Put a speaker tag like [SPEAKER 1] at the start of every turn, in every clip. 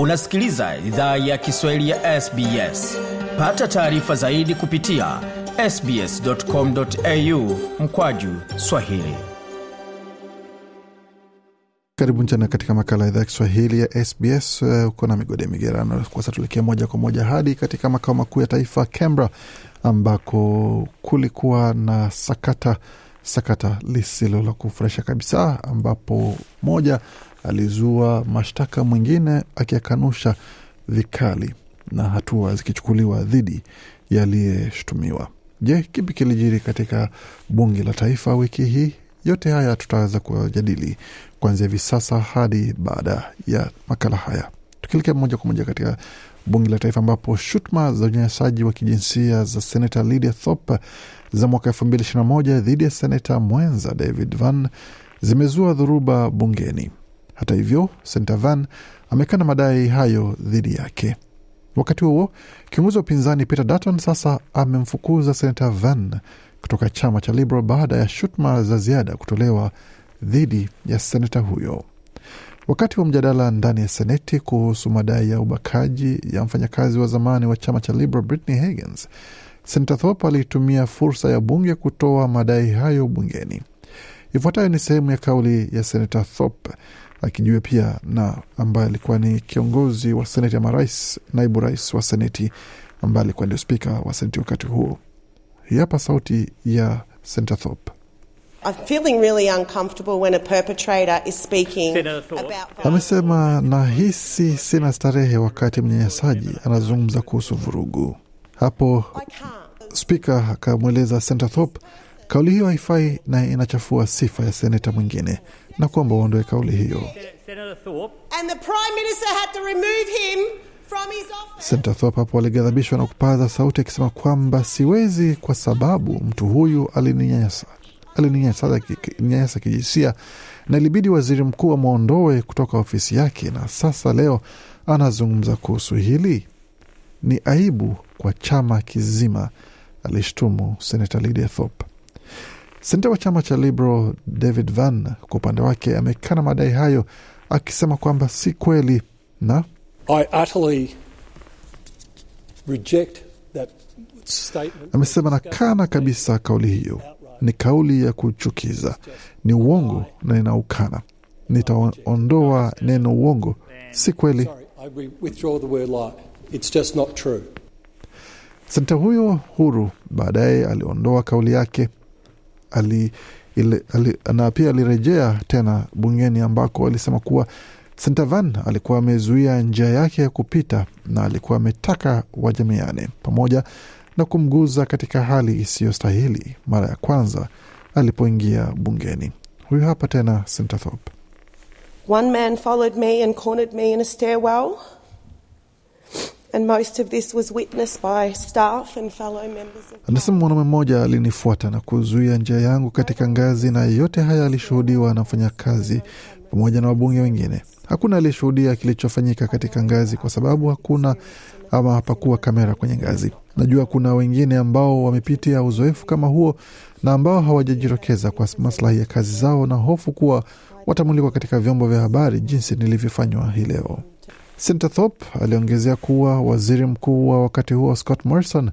[SPEAKER 1] unasikiliza idhaa ya kiswahili ya sbs pata taarifa zaidi kupitia sbscomau mkwaju swahili karibu nchana katika makala ya idhaa ya kiswahili ya sbs eh, uko na migode migerano kwasa tulekea moja kwa moja hadi katika makao makuu ya taifa cambra ambako kulikuwa na sakata sakata lisilo la kufurahisha kabisa ambapo moja alizua mashtaka mwingine akiyakanusha vikali na hatua zikichukuliwa dhidi yaliyeshutumiwa. Je, kipi kilijiri katika bunge la taifa wiki hii? Yote haya tutaweza kujadili kuanzia hivi sasa hadi baada ya makala haya, tukielekea moja kwa moja katika bunge la taifa ambapo shutuma za unyanyasaji wa kijinsia za senata Lydia Thorpe za mwaka elfu mbili ishirini na moja dhidi ya seneta mwenza David Van zimezua dhoruba bungeni. Hata hivyo, Sentavan amekana madai hayo dhidi yake. Wakati huo kiongozi wa upinzani Peter Dutton sasa amemfukuza Senata Van kutoka chama cha Liberal baada ya shutuma za ziada kutolewa dhidi ya senata huyo. Wakati wa mjadala ndani ya Seneti kuhusu madai ya ubakaji ya mfanyakazi wa zamani wa chama cha Liberal Brittany Higgins, Senata Thorpe alitumia fursa ya bunge kutoa madai hayo bungeni. Ifuatayo ni sehemu ya kauli ya senata Thorpe akijua pia na ambaye alikuwa ni kiongozi wa seneti ya marais naibu rais wa seneti ambaye alikuwa ndio spika wa seneti wakati huo. Hii hapa sauti ya senata Thorpe. really Amesema nahisi sina starehe wakati mnyanyasaji anazungumza kuhusu vurugu. Hapo spika akamweleza Senta Thorpe Kauli hiyo haifai na inachafua sifa ya seneta mwingine na kwamba uondoe kauli hiyo. Senator Thorpe hapo aligadhabishwa na kupaza sauti akisema kwamba siwezi, kwa sababu mtu huyu alininyanyasa alininyanyasa kijinsia na ilibidi waziri mkuu amwondoe kutoka ofisi yake, na sasa leo anazungumza kuhusu hili. Ni aibu kwa chama kizima, alishtumu senata Lydia Thorpe senta wa chama cha Liberal David Van kwa upande wake amekana madai hayo akisema kwamba si kweli na I utterly reject that statement. Amesema nakana kabisa kauli hiyo, ni kauli ya kuchukiza, ni uongo na ninaukana. Nitaondoa neno uongo, si kweli. senta huyo huru baadaye aliondoa kauli yake ali, ili, ali, na pia alirejea tena bungeni ambako alisema kuwa Santavan alikuwa amezuia njia yake ya kupita na alikuwa ametaka wajamiane pamoja na kumguza katika hali isiyostahili mara ya kwanza alipoingia bungeni. Huyu hapa tena Sentathop. One man followed me and cornered me in a stairwell. Anasema mwanaume mmoja alinifuata na kuzuia njia yangu katika ngazi, na yote haya alishuhudiwa na mfanyakazi pamoja na wabunge wengine. Hakuna aliyeshuhudia kilichofanyika katika ngazi kwa sababu hakuna ama hapakuwa kamera kwenye ngazi. Najua kuna wengine ambao wamepitia uzoefu kama huo na ambao hawajajitokeza kwa maslahi ya kazi zao na hofu kuwa watamulikwa katika vyombo vya habari jinsi nilivyofanywa hii leo sintethop aliongezea kuwa waziri mkuu wa wakati huo Scott Morrison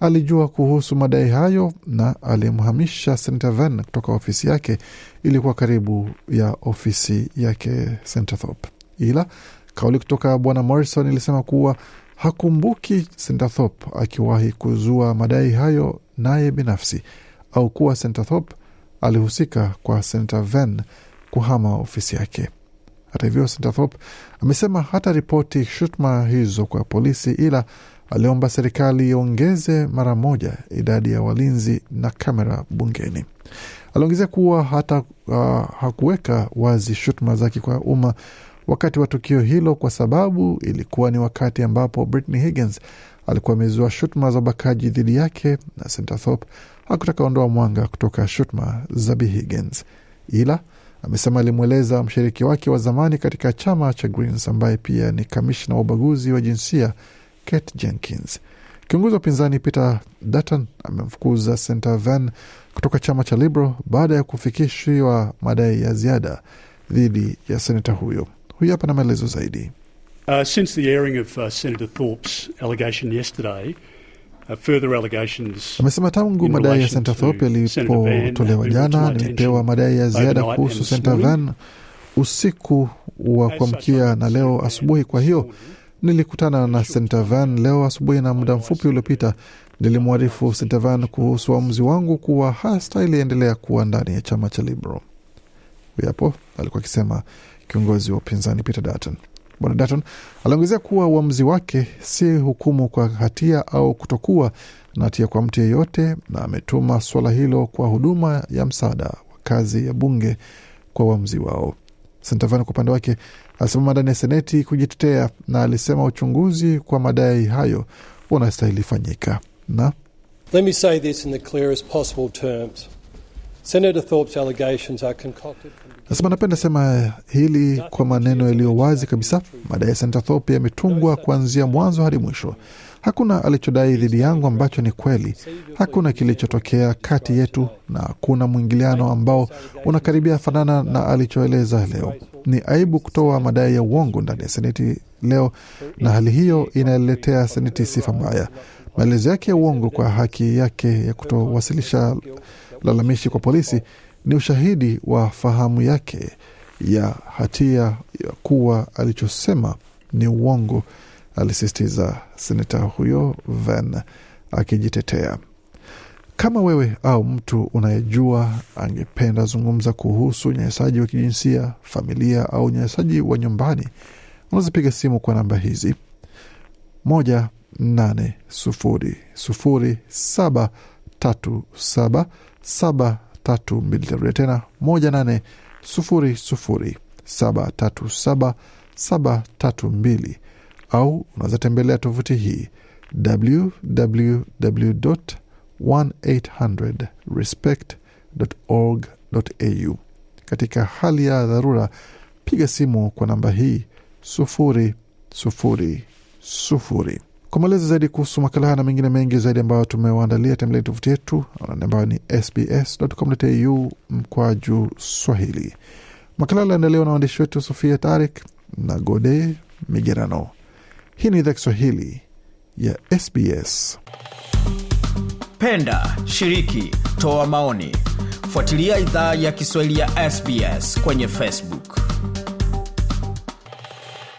[SPEAKER 1] alijua kuhusu madai hayo na alimhamisha Senator Van kutoka ofisi yake ilikuwa karibu ya ofisi yake sintethop Ila kauli kutoka bwana Morrison ilisema kuwa hakumbuki sintethop akiwahi kuzua madai hayo naye binafsi au kuwa sintethop alihusika kwa Senator Van kuhama ofisi yake. Hata hivyo, Sintathop amesema hata ripoti shutuma hizo kwa polisi, ila aliomba serikali iongeze mara moja idadi ya walinzi na kamera bungeni. Aliongezea kuwa hata uh, hakuweka wazi shutuma zake kwa umma wakati wa tukio hilo kwa sababu ilikuwa ni wakati ambapo Britney Higgins alikuwa amezua shutuma za ubakaji dhidi yake, na Sentathop hakutaka ondoa mwanga kutoka shutuma za Bi Higgins ila amesema alimweleza mshiriki wake wa zamani katika chama cha Greens ambaye pia ni kamishna wa ubaguzi wa jinsia Kate Jenkins. Kiongozi wa upinzani Peter Dutton amemfukuza Santa Van kutoka chama cha Liberal baada ya kufikishiwa madai ya ziada dhidi ya senata huyo. Huyu hapa na maelezo zaidi. Uh, since the airing of uh, Senator Thorpe's allegation yesterday Uh, Amesema tangu madai ya Santa Thorpe yalipotolewa jana, nimepewa madai ya ziada kuhusu Santa Van usiku wa kuamkia na leo asubuhi. Kwa hiyo nilikutana na Santa Van leo asubuhi, na muda mfupi uliopita nilimwarifu Santa Van kuhusu uamuzi wangu kuwa hastahili endelea kuwa ndani ya chama cha Liberal. Hapo alikuwa akisema kiongozi wa upinzani Peter Dutton. Bwana Dutton aliongezea kuwa uamuzi wake si hukumu kwa hatia au kutokuwa na hatia kwa mtu yeyote, na ametuma suala hilo kwa huduma ya msaada wa kazi ya bunge kwa uamuzi wao. Santavani kwa upande wake alisimama ndani ya seneti kujitetea na alisema uchunguzi kwa madai hayo unastahili fanyika na Let me say this in the clearest possible terms. Senator Thorpe's allegations are concocted Nasema napenda sema hili kwa maneno yaliyo wazi kabisa. Madai ya Senator Thorpe yametungwa kuanzia mwanzo hadi mwisho. Hakuna alichodai dhidi yangu ambacho ni kweli. Hakuna kilichotokea kati yetu, na kuna mwingiliano ambao unakaribia fanana na alichoeleza leo. Ni aibu kutoa madai ya uongo ndani ya seneti leo, na hali hiyo inaletea seneti sifa mbaya. Maelezo yake ya uongo kwa haki yake ya kutowasilisha Lalamishi kwa polisi ni ushahidi wa fahamu yake ya hatia ya kuwa alichosema ni uongo, alisisitiza seneta huyo Van akijitetea. Kama wewe au mtu unayejua angependa zungumza kuhusu unyanyasaji wa kijinsia, familia au unyanyasaji wa nyumbani, unaweza piga simu kwa namba hizi moja nane sufuri sufuri saba tatu saba 7322 tena 1800 737 732 au unaweza tembelea tovuti hii www 1800 respect.org.au. Katika hali ya dharura, piga simu kwa namba hii sufuri sufuri sufuri. Kwa maelezo zaidi kuhusu makala haya na mengine mengi zaidi ambayo tumewaandalia, tembeleni tovuti yetu ambayo ni sbs.com.au juu Swahili. Makala aliandaliwa na waandishi wetu Sofia Tarik na Gode Migerano. Hii ni idhaa Kiswahili ya SBS. Penda, shiriki, toa maoni, fuatilia idhaa ya Kiswahili ya SBS kwenye Facebook.